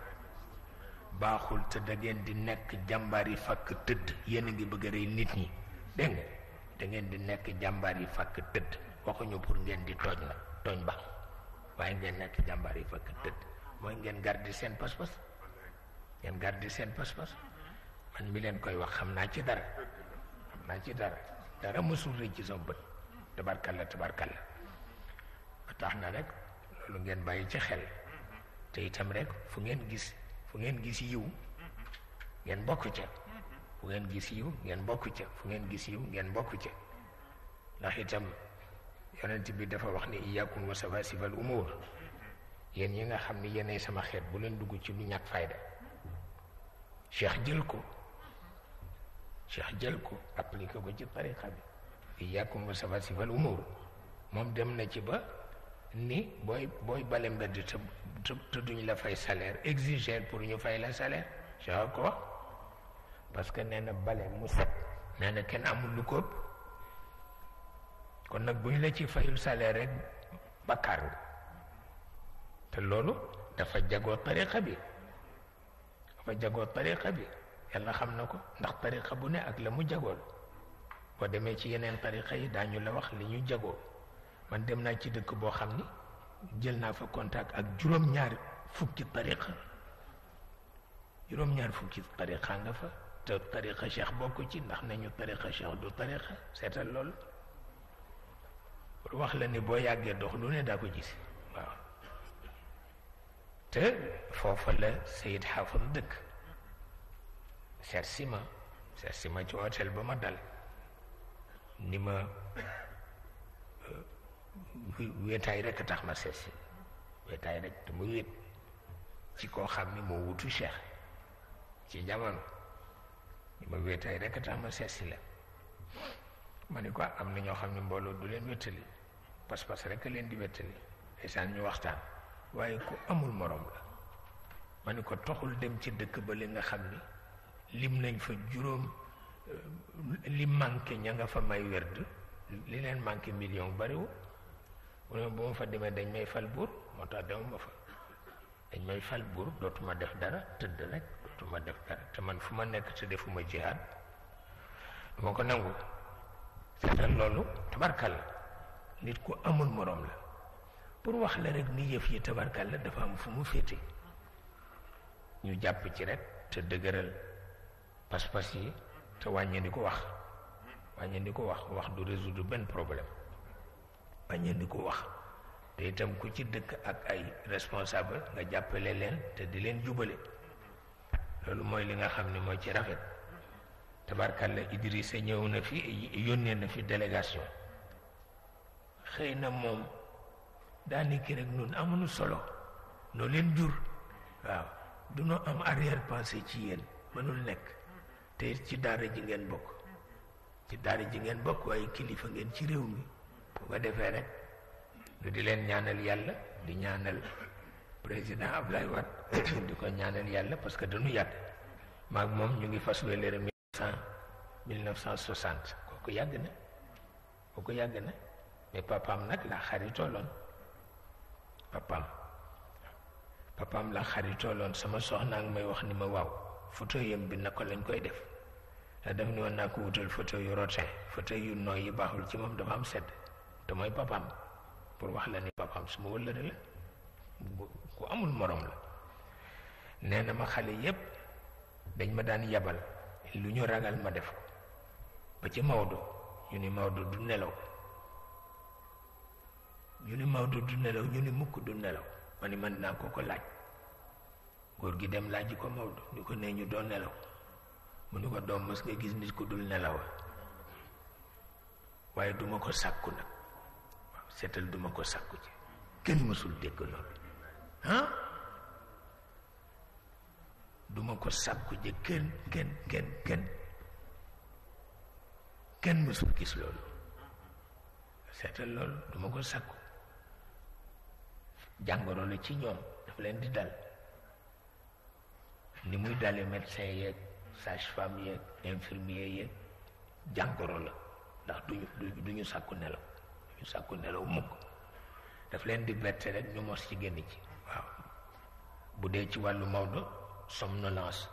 baaxul te da di nekk jàmbaar yi fàkk tëdd yéen a ngi bëgg rey nit ñi dégg nga ngeen di nekk jàmbaar yi fàkk tëdd waxuñu pour ngeen di tooñ nag tooñ baaxul waaye ngeen nekk jàmbaar yi fakk tëdd mooy ngeen garder seen pas-pas ngeen garder seen pas-pas man mi leen koy wax xam naa ci dara xam naa ci dara dara mësul rëy ci sama bët tabarkalla la ba tax na rek loolu ngeen bàyyi ci xel te itam rek fu ngeen gis fu ngeen gis yiw ngeen bokk ca fu ngeen gis yiw ngeen bokk ca fu ngeen gis yiw ngeen bokk ca ndax itam yonent bi dafa wax ni iyaakum wa umur yen yi nga xamni yene sama xet bu len dugg ci lu ñak fayda cheikh jël ko cheikh jël ko appliquer ko ci tariqa bi wa umur mom dem na ci ba ni boy boy bale mbedd te te duñ la fay salaire exiger pour ñu fay la salaire cheikh ko parce que nee balem mu set ken amul lu ko kon nag buñ la ci fayul salaire rek bakkaar nga te loolu dafa jagoo tariqa bi dafa jagoo tariqa bi yàlla xam na ko ndax tariqa bu ne ak la mu jagool boo demee ci yeneen tariqa yi daañu la wax li ñu jagoo man dem naa ci dëkk boo xam ni jël naa fa contact ak juróom-ñaar fukki tariqa juróom-ñaar fukki tariqa nga fa te tariqa cheikh bokk ci ndax nañu tariqa cheikh du tariqa seetal loolu pour wax la ni boo yàggee dox lu ne daa ko gis waaw te foofa la Seyid Xaafar dëkk seet si ma seet si ma ci hôtel ba ma dal ni ma euh, wéetaay rek tax ma seet si wéetaay rek te mu ci koo xam ni moo wutu Cheikh ci jamono ni ma wéetaay rek tax ma seet si la ma ni ko am na ñoo xam ne mbooloo du leen wéttali pas-pas rek leen di wéttali ndeysaan ñu waxtaan waaye ku amul moroom la ma ni ko toxul dem ci dëkk ba li nga xam ni lim nañ fa juróom euh, li manqué ña nga fa may werd li leen manqué million bariwul mu ne bu ma fa demee dañ may fal buur moo tax ma fa dañ may fal buur dootuma def dara tëdd rek dootuma def dara te man fu ma nekk te defuma jihaad moo ko nangu seetal loolu tabarkal la nit ku amul moroom la pour wax la rek ni yëf yi tabarkal la dafa am fu mu féete ñu jàpp ci rek te dëgëral pas-pas yi te wàññeendi ko wax wàññeendi ko wax wax du du benn problème wàññeendi ko wax te itam ku ci dëkk ak ay responsable nga jàppale leen te di leen jubale loolu mooy li nga xam ni mooy ci rafet tabarkalla Idrissa ñëw na fi yónnee na fi délégation xëy na moom daanaka rek nun amul solo noo leen jur waaw du noo am arrière pensée ci yéen mënul nekk te ci daara ji ngeen bokk ci daara ji ngeen bokk waaye kilifa ngeen ci réew mi bu ko defee rek nu di leen ñaanal yàlla di ñaanal président Ablaye Wade di ko ñaanal yàlla parce que dañu yàgg maag moom ñu ngi fas wéleer fin 1960 kooku yàgg na ko yàgg na mais papaam nag la xaritooloon papaam papaam la xaritooloon sama soxnaa ngi may wax ni ma waaw photo yam bi naka lañ koy def la def ni woon naa ko wutal photo yu rotin photo nooy yi baaxul ci moom dafa am sedd te papam pour wax la ni papaam su ma wëllëre la ku amul morom la nee na ma xale yépp dañ ma daan yabal lu ñu ragal ma def ko ba ci Maodo ñu ni Maodo du nelaw ñu ni Maodo du nelaw ñu ni mukk du nelaw ma ni mën naa koo ko laaj góor gi dem laaj ko Maodo ñu ko nee ñu doon nelaw mu ni ko doom mës nga gis nit ku dul nelawa waaye duma ko sàkku nag seetal duma ko sàkku ci kenn mësul dégg loolu ah duma ko sàkku ji kenn kenn kenn kenn kenn mësul gis loolu seetal loolu duma ko sàkku jàngoro la ci ñoom daf leen di dal ni muy dale médecin yeeg sage-femme yeeg infirmier yeeg jàngoro la ndax duñu duñu sàkku nelaw duñu sàkku nelaw mukk daf leen di bette rek ñu mos ci génn ci waaw bu dee ci wàllu Maodo somnolence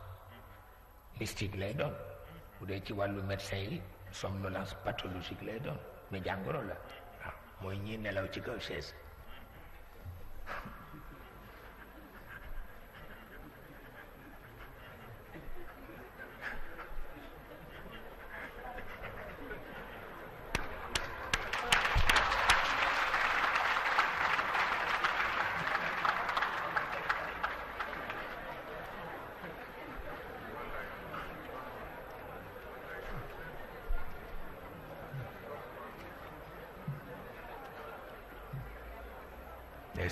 mystique lay doon bu dee ci wàllu médecin yi somnolence pathologique lay doon mais jàngoro la waaw ah, mooy ñi nelaw ci kaw chaise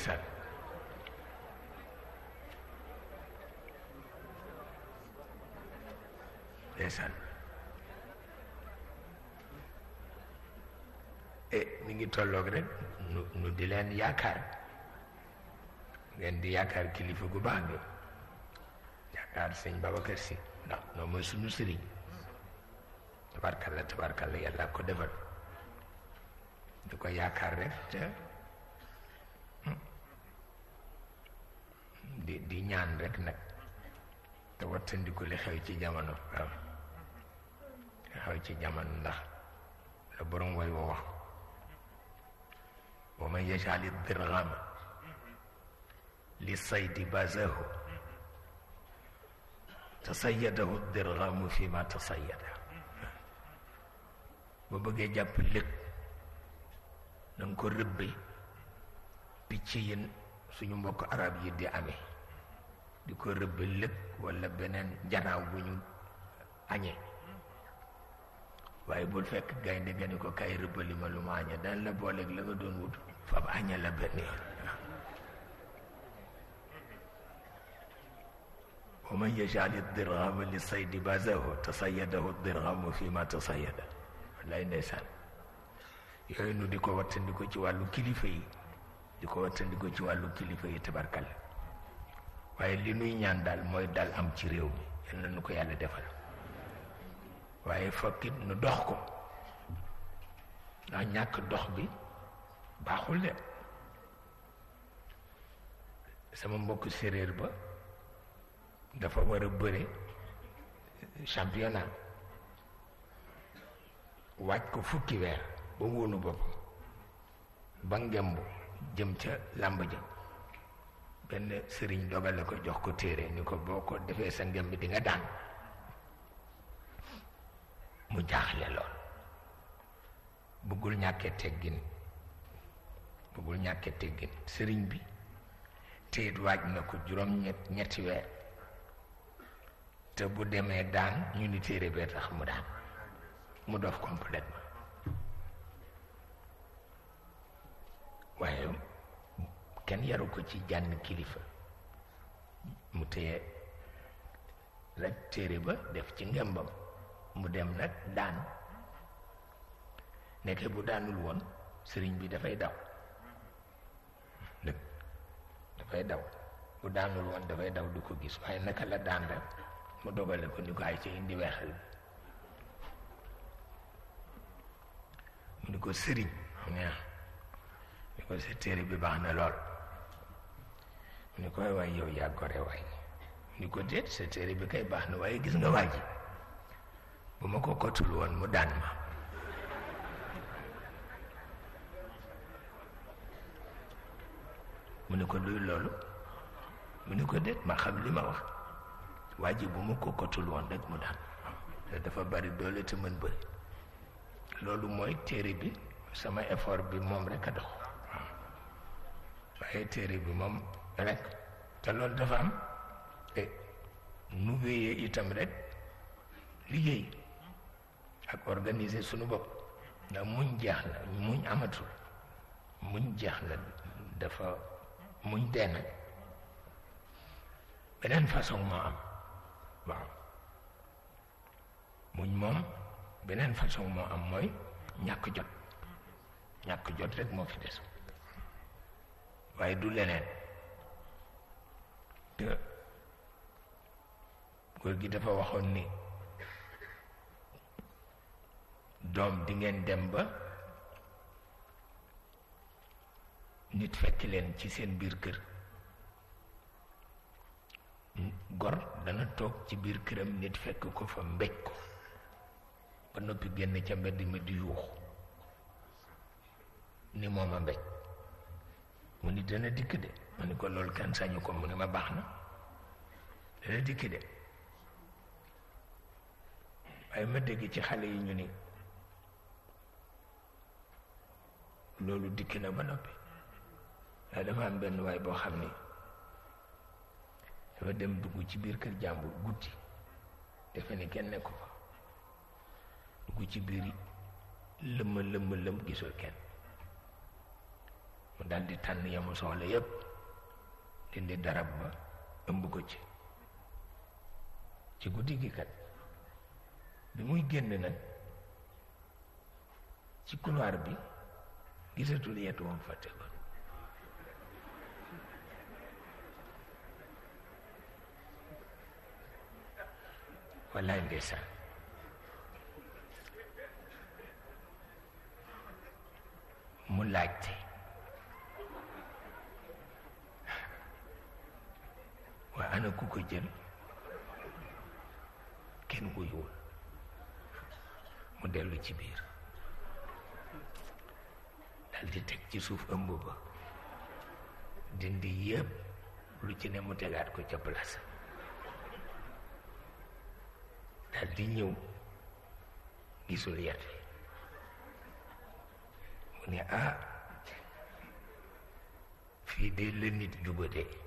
san ndeysaan eh, mi ngi tollook rek nu nu di leen yaakaar ngeen di yaakaar kilifa gu baax bi yaakaar sëñ Babacar Si ndax noo mooy sunu sëriñ tabarkalla tabarkalla yàlla ko defal di ko yaakaar rek te di di ñaan rek nag te wattandiku li xew ci jamono waaw li xew ci jamono ndax la borom way wa wax wa man yajali dirhama li saydi bazahu tasayadahu dirhamu fi ma tasayada ba bëggee jàpp lëg na ko rëbbe picc yi suñu mbokk arab yi di amee di ko rëbba lëg wala beneen njanaaw bu ñu añee waaye bul fekk gaynde ga ni ko kay rëbbali ma lu ma añee daan la booleeg la nga doon wut fab añee la benn yoon wa man yajal li saydi bazahu tasayadahu dirhamu fi ma tasayada wallaay ndeysaan yooyu nu di ko wattandi ci wàllu kilifa yi di ko wattandiku ci wàllu kilifa yi tabarkal waaye li nuy ñaan daal mooy dal am ci réew mi yal na nu ko yàlla defal waaye fokkit nu dox ko ndax ñàkk dox bi baaxul de sama mbokk séréer ba dafa war a bëre championnat waaj ko fukki weer ba wóonu bopp ba ngemb jëm ca làmb ja benn sëriñ dogale ko jox ko téere ni ko boo ko defee sa ngëm bi di nga daan mu jaaxle lool bëggul ñàkke teggin bëggul ñàkke teggin sëriñ bi teyit waaj na ko juróom ñetti weer te bu demee daan ñu ni téere bee tax mu daan mu dof complètement waaye kenn yaru ko ci jànn kilifa mu téye rek téere ba def ci ngembam mu dem nag daan nekke bu daanul woon sëriñ bi dafay daw dafay daw bu daanul woon dafay daw du ko gis waaye naka la daan rek mu dogale ko ni ko ay ca indi mu ni ko sëriñ ni ko sa téere bi baax na lool mu ni koy waay yow yaa gore waay ni ko déet sa téere bi kay baax na waaye gis nga waa ji ma ko kotul woon mu daan ma mu ni ko luy loolu mu ni ko déet ma xam li ma wax waa ji bu ma ko kotul woon rek mu daan te dafa bari doole te mën bëri loolu mooy téere bi sama effort bi moom rek a dox waaye téere bi moom rek te loolu dafa am te nu wéyee itam rek liggéey ak organiser sunu bopp ndax muñ jeex na muñ amatul muñ jeex la dafa muñ dee na beneen façon moo am waaw muñ moom beneen façon moo am mooy ñàkk jot ñàkk jot rek moo fi des waaye du leneen te góor gi dafa waxoon ni doom di ngeen dem ba nit fekk leen ci seen biir kër gor dana toog ci biir këram nit fekk ko fa mbéj ko ba noppi génn ca mbedd mi di yuux ni moom a mbéj mu ni dana dikk de ma ni ko loolu kenn sañu ko mu ni ma baax na dana dikk de waaye ma dégg ci xale yi ñu ni loolu dikk na ba noppi waaye dafa am benn waay boo xam ni dafa dem dugg ci biir kër jàmbur guddi defe ni kenn nekku fa dugg ci biir lëmm lëmm lëmm gisoo kenn mu daldi tànn yamu soxla yépp dindi darab ba ëmb ko ci ci guddi gi kat bi muy génn nag ci couloir bi gisatul yet woon fàtte ko wallaay ndeysaan mu laajte waa ana ku ko jël kenn wuyuwul mu dellu ci biir daldi teg ci suuf ëmb ba dindi yépp lu ci ne mu tegaat ko ca place dal ñëw gisul yet wi mu ne ah fii de la nit jubadee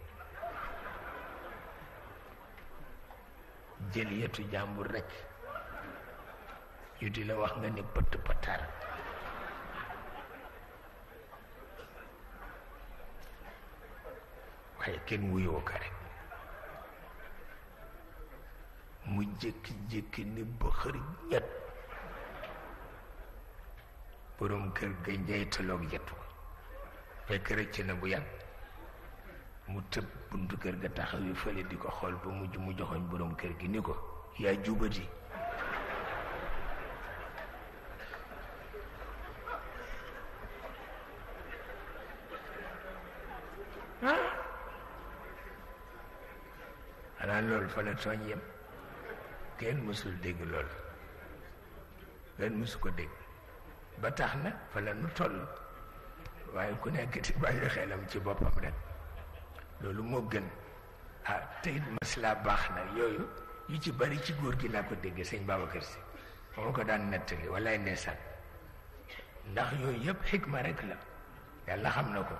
jël yetu jàmbur rekk yu di la wax nga ne pëtt pëttaar waaye kenn wuyoo ko rek mu jékki-jékki ni ba xër ñett borom kër ga njeytaloog yetu fekk rëcc na bu yàgg mu tëb buntu kër ga taxawi fële di ko xool ba mujj mu joxoñ borom kër gi ni ko yaa jubati ah! xanaa loolu fa la tooñ yem kenn mësul dégg loolu kenn mësu ko dégg ba tax na fa la nu toll waaye ku nekk ci bàyyi xelam ci boppam rek loolu moo gën ah te it baax na yooyu yu ci bari ci góor gi laa ko déggee sëñ Babacar Si moo ko daan nettali walaay ndeysaan ndax yooyu yëpp xikma rek la yàlla xam na ko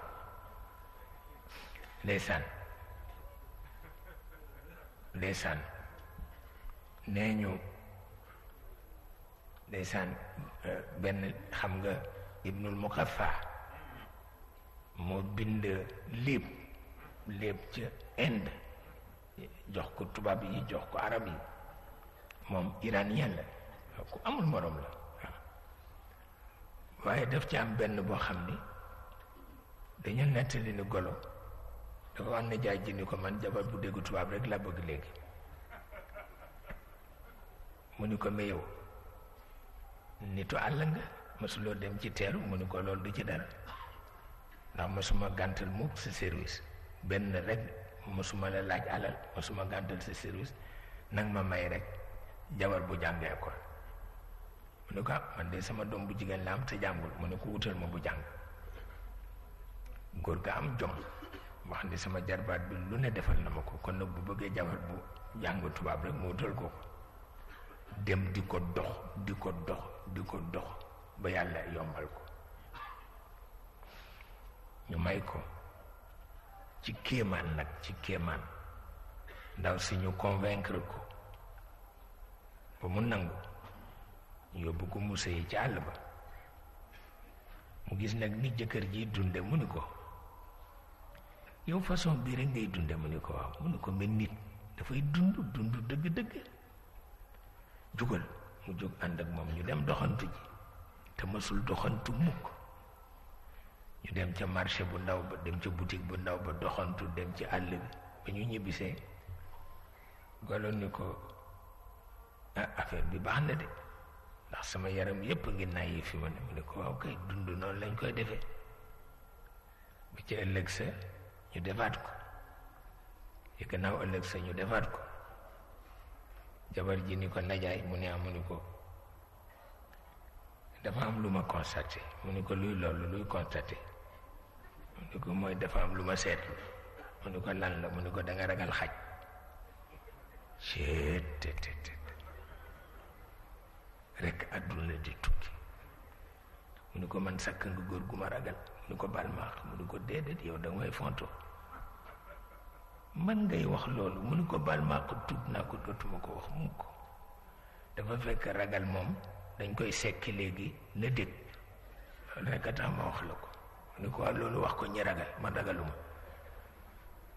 ndeysaan ndeysaan nee ñu ndeysaan euh, benn xam nga ibnul mukafa moo bind liib léeb ca Inde jox ko tubaab yi jox ko arab yi moom iraan la ku amul moroom la waaye def ci am benn boo xam ni dañu nettali ni golo dafa wax ne jaay ji ni ko man jabar bu dégg tubaab rek la bëgg léegi mu ni ko meyow nitu àll nga mësuloo dem ci teeru mu ni ko lool du ci dara ndax suma gàntal mukk sa service benn rek mosuma la laaj alal mosuma gàntal sa service nag ma may rek jabar bu jàngee ko mu ne ko ah, man de sama doom bu jigéen la am te jàngul mu ne ko wutal ma bu jàng góor ga am jom wax ni sama jarbaat bi lu ne defal na ma ko kon nag bu bëggee jabar bu jàng tubaab rek mu wutal ko dem di ko dox di ko dox di ko dox ba yàlla yombal ko ñu may ko ci kéemaan nag ci kéemaan ndaw si ñu convaincre ko ba mu nangu yóbbu ko mu sëyi ci àll ba mu gis nag ni jëkkër ji dunde mu ni ko yow façon bii rek ngay dunde mu ni ko waaw mu ni ko mel nit dafay dund dund dëgg-dëgg jugal mu jóg ànd ak moom ñu dem doxantu ji te mësul doxantu mukk ñu dem ca marché bu ndaw ba dem ca boutique bu ndaw ba doxantu dem ci àll bi ba ñu ñibbisee goloon ni ko ah affaire bi baax na de ndax sama yaram yépp ngi nàyyi fi ma ne mu ne ko waaw kay dund noonu lañ koy defe bu ci ëllëg sa ñu defaat ko ci gannaaw ëllëg sa ñu defaat ko jabar ji ni ko najaay mu ne amu ni ko dafa am lu ma constaté mu ne ko luy loolu luy constaté mu ne ko mooy dafa am lu ma ko lan la mu ne ko da nga ragal xaj rek aduna di tukki mu ne ko man sakk nga góor gu ma ragal mu ne ko bal maax mu ne ko déedéet yow da ngay fonto man ngay wax loolu mu ko bal ko naa ko dootuma ko wax dafa fekk ragal moom dañ koy sekki léegi na dégg nekk tax ma wax la ko ni ko loolu wax ko ñi ragal man ragaluma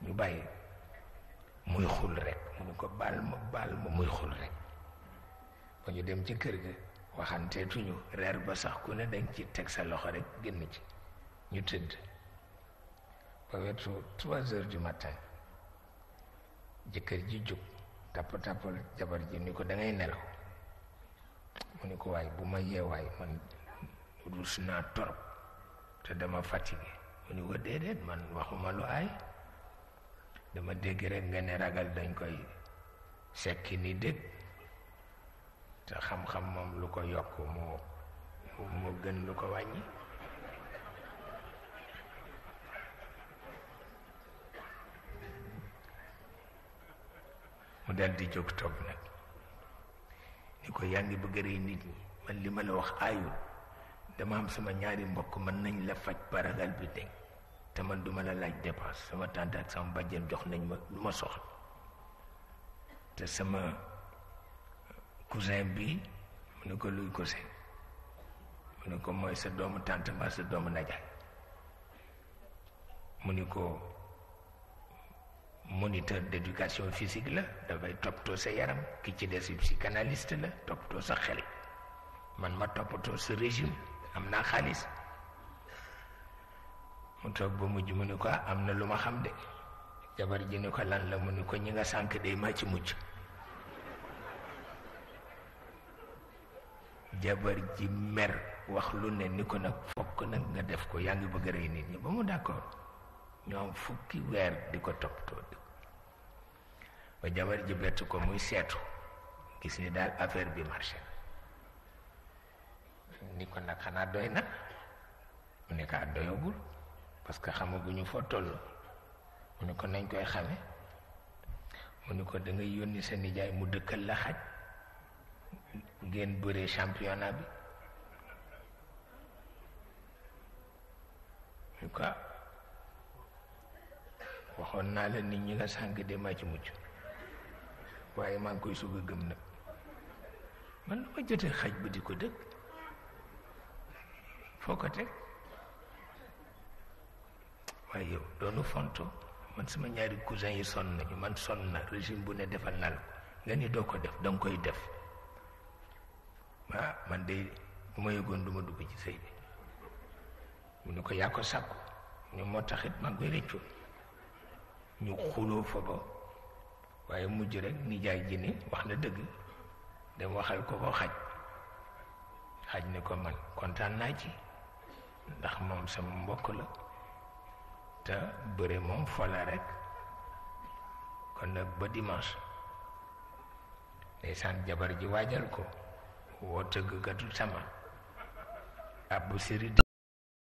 ñu bàyyi muy xul rek mu ne ko baal ma baal ma muy xul rek ba ñu dem ci kër ga waxanteetuñu reer ba sax ku ne dañ ci teg sa loxo rek génn ci ñu tëdd ba wetu trois heures du matin jëkkër ji jóg tapp tappal jabar ji ni ko dangay ngay nelaw mu ni ko waay bu ma yeewaay man rus naa torop te dama fatigué mu ni ko déedéet man waxuma lu aay dama dégg rek nga ne ragal dañ koy sekki ni dégg te xam-xam moom lu ko yokk moo moo gën lu ko wàññi mu dal di jóg toog nag ni ko yaa ngi bëgg a rey nit ñi man li ma la wax aayul dama am sama ñaari mbokk man nañ la faj baragal bi deñ te man duma la laaj dépense sama tante ak sama bàjjen jox nañ ma lu ma soxla te sama cousin bi mu ne ko luy cousin mu ne ko mooy sa doomu tante mbaa sa doomu najaay mu ne ko moniteur d' éducation physique la top to sa yaram ki ci des psychanalyste la toppatoo sa xel man ma toppatoo sa régime amna khalis? xaalis mu toog ba mujj mu ko am luma xam de jabar ji ko lan la mu ni ko ñinga sank de ma ci mujj jabar ji mer wax lu ne ni ko nag fokk nak nga def ko yaangi bëgg reyni ni ba mu d'accord fukki wër diko top to. ba jabar ji bett ko muy seetu gis ni daal affaire bi marché ni ko nag xanaa doy na mu ne ko a ah, doyagul parce que xamaguñu foo toll mu ne ko nañ koy xame mu ne ko da yónni sa nijaay mu dëkkal la xaj ngeen bëree championnat bi ñu ko ah, waxoon naa la nit ñi nga sànq de ma ci mujj waaye maa koy soog a gëm nag man lu jotee xaj ba di ko dëkk foo ko teg waaye yow doonu fonto man sama ñaari cousin yi sonn nañu man sonn na régime bu ne defal na la nga ni doo ko def danga koy def ah man de duma yëgoon du dugg ci sëy bi mu ne ko yaa ko sàkku ñu moo taxit maa koy rëccu ñu xuloo fa waaye mujj rek nijaay ji ni wax na dëgg dem waxal ko ko xaj xaj ni ko man kontaan naa ci ndax moom sama mbokk la te bëre moom fola rek kon nag ba dimanche ndeysaan jabar ji waajal ko woo tëggkatu sama abbu siri